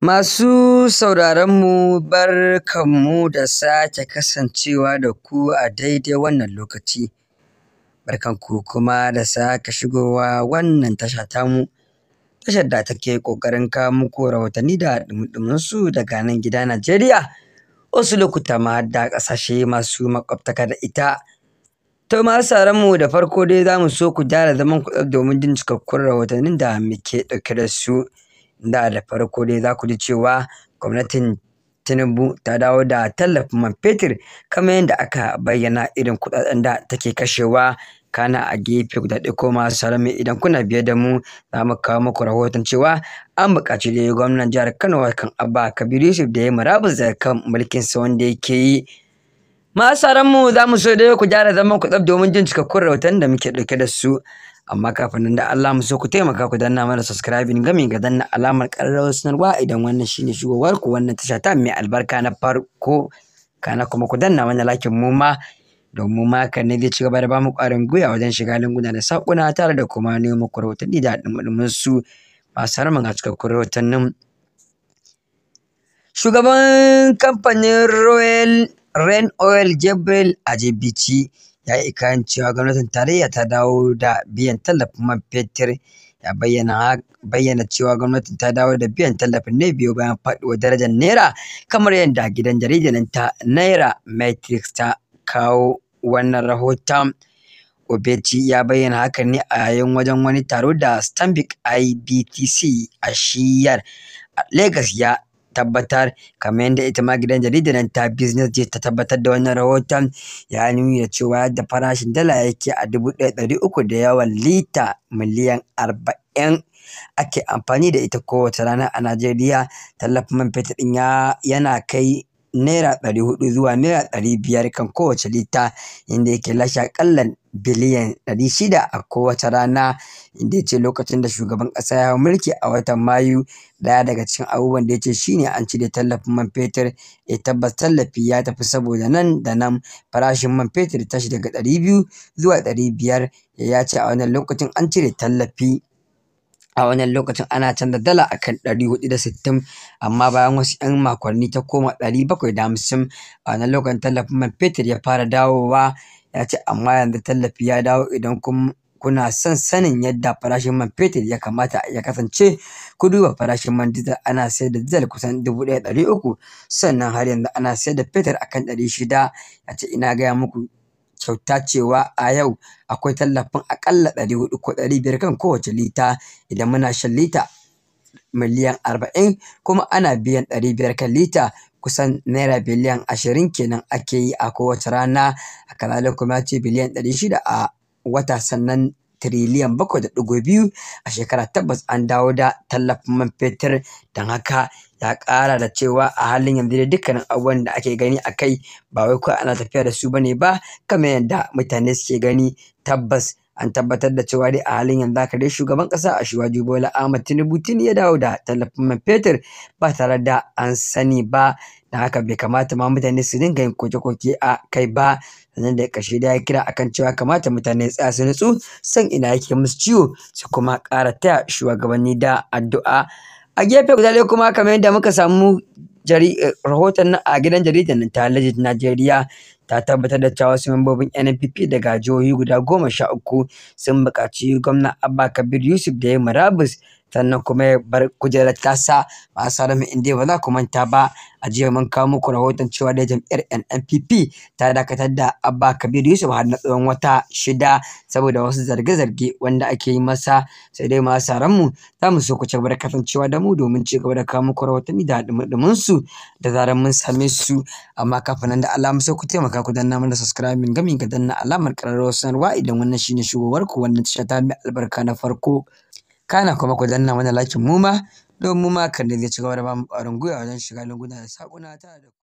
Masu sauraronmu barkanmu da sake kasancewa da ku a daidai wannan lokaci. Barkanku kuma da sake shigowa wannan tasha tamu, tashar da take ƙoƙarin kawo muku rahotanni da ɗumuɗuminsu daga nan gida Najeriya, wasu lokuta ma da ƙasashe masu maƙwabtaka da ita. To masu da farko dai za mu so ku gyara zaman ku domin jin cikakkun rahotannin da muke ɗauke da su. da da farko dai za ku ji cewa gwamnatin Tinubu ta dawo da tallafin man fetur kamar yadda aka bayyana irin kuɗaɗen da take kashewa kana a gefe guda ɗaya ko masu salami idan kuna biye da mu za mu kawo muku rahoton cewa an buƙaci da gwamnan jihar Kano kan Abba Kabiru Yusuf da ya murabus da kan mulkinsa wanda yake yi Masaran mu za mu so dai ku gyara zaman ku tsaf domin jin cikakkun rahoton da muke ɗauke da su. Amma kafin nan da Allah mu so ku taimaka ku danna mana subscribing gami ga danna alamar ƙararrawar sanarwa idan wannan shine shigowar ku wannan tasha ta mai albarka na farko kana kuma ku danna mana lakin mu ma domin ma ne zai ci gaba da bamu ƙwarin gwiwa wajen shiga lunguna da saƙuna tare da kuma ne mu rahotanni da ɗumɗumin su masu ga a cikakkun nan. Shugaban kamfanin Royal oil Gabriel Ajibiti ya yi ikirarin cewa gwamnatin tarayya ta dawo da biyan tallafin man fetur, ya bayyana cewa gwamnatin ta dawo da biyan tallafin ne biyo bayan faduwar darajar Naira, kamar yadda gidan jaridar ta Naira matrix ta kawo wannan rahoton. obeci ya bayyana haka ne a yayin wajen wani taro da Stanbic IBTC a shiyar Legas ya tabbatar kamar yadda ita ma gidan jaridar nan ta business je ta tabbatar da wannan rahoton ya nuna cewa yadda farashin dala yake a dubu ɗaya ɗari uku da yawan lita miliyan arba'in ake amfani da ita kowace rana a Najeriya tallafin man fetur ɗin yana kai naira ɗari hudu zuwa naira ɗari biyar kan kowace lita inda yake lashe aƙalla biliyan ɗari shida a kowace rana inda yace lokacin da shugaban ƙasa ya hau mulki a watan mayu ɗaya daga cikin abubuwan da ya ce ne an cire tallafin man fetur ya e, tabbas tallafi ya tafi saboda nan da nan farashin man fetur ya tashi daga ɗari biyu zuwa ɗari biyar e, ya ce a wannan lokacin an cire tallafi a wannan lokacin ana canza dala a kan ɗari huɗu da sittin amma bayan wasu 'yan makonni ta koma ɗari bakwai da hamsin a wannan lokacin tallafin man fetur ya fara dawowa ya ce amma yanzu tallafi ya dawo idan kun kuna son sanin yadda farashin man fetur ya kamata ya kasance ku duba farashin man dizal ana sayar da dizal kusan dubu ɗaya ɗari uku sannan har yanzu ana sayar da fetur akan ɗari shida ya ce ina gaya muku kyauta cewa a yau akwai tallafin aƙalla ɗari huɗu ko ɗari biyar kan kowace lita idan muna shan lita miliyan arba'in kuma ana biyan ɗari biyar kan lita kusan naira biliyan ashirin kenan ake yi a kowace rana a kuma ce biliyan ɗari shida a wata sannan tiriliyan bakwai da ɗigo biyu a shekara tabbas an dawo da tallafin man fetur don haka ya ƙara da cewa a halin yanzu da dukkanin abubuwan da ake gani a kai ba wai kawai ana tafiya da su bane ba kamar yadda mutane suke gani tabbas an tabbatar da cewa dai a halin yanzu haka dai shugaban ƙasa a shiwaji bola ahmad tinubu tuni ya dawo da tallafin man fetur ba tare da an sani ba da haka bai kamata ma mutane su dinga yin koke-koke a kai ba sannan da kashe da ya kira akan cewa kamata mutane tsaya su nutsu san ina yake musu ciwo su kuma ƙara taya shugabanni da addu'a a gefe guda dai kuma kamar yadda muka samu eh, rahoton a gidan jaridar ta Legit Najeriya ta tabbatar da cewa wasu membobin NNPP daga jihohi guda goma sha uku sun buƙaci gwamna Abba Kabir Yusuf da ya murabus sannan kuma ya bar kujerar tasa masu ramin inda ba za ku manta ba a jiya mun kawo muku rahoton cewa da jam'iyyar NNPP ta dakatar da Abba Kabir Yusuf har na tsawon wata shida saboda wasu zarge-zarge wanda ake yi masa sai dai masu mu za mu so ku ci gaba kasancewa da mu domin ci gaba da kawo muku rahoton da dumin su da zarar mun same su amma kafin nan da Allah mu so ku taimaka taimaka ku danna mana subscribing gami ka danna alamar ƙararrawar sanarwa idan wannan shine shigowar ku wannan tasha ta mai albarka na farko kana kuma ku danna mana lakin mu ma don mu ma kan da zai ci gaba da bamu ƙwarin gwiwa wajen shiga lunguna da saƙuna ta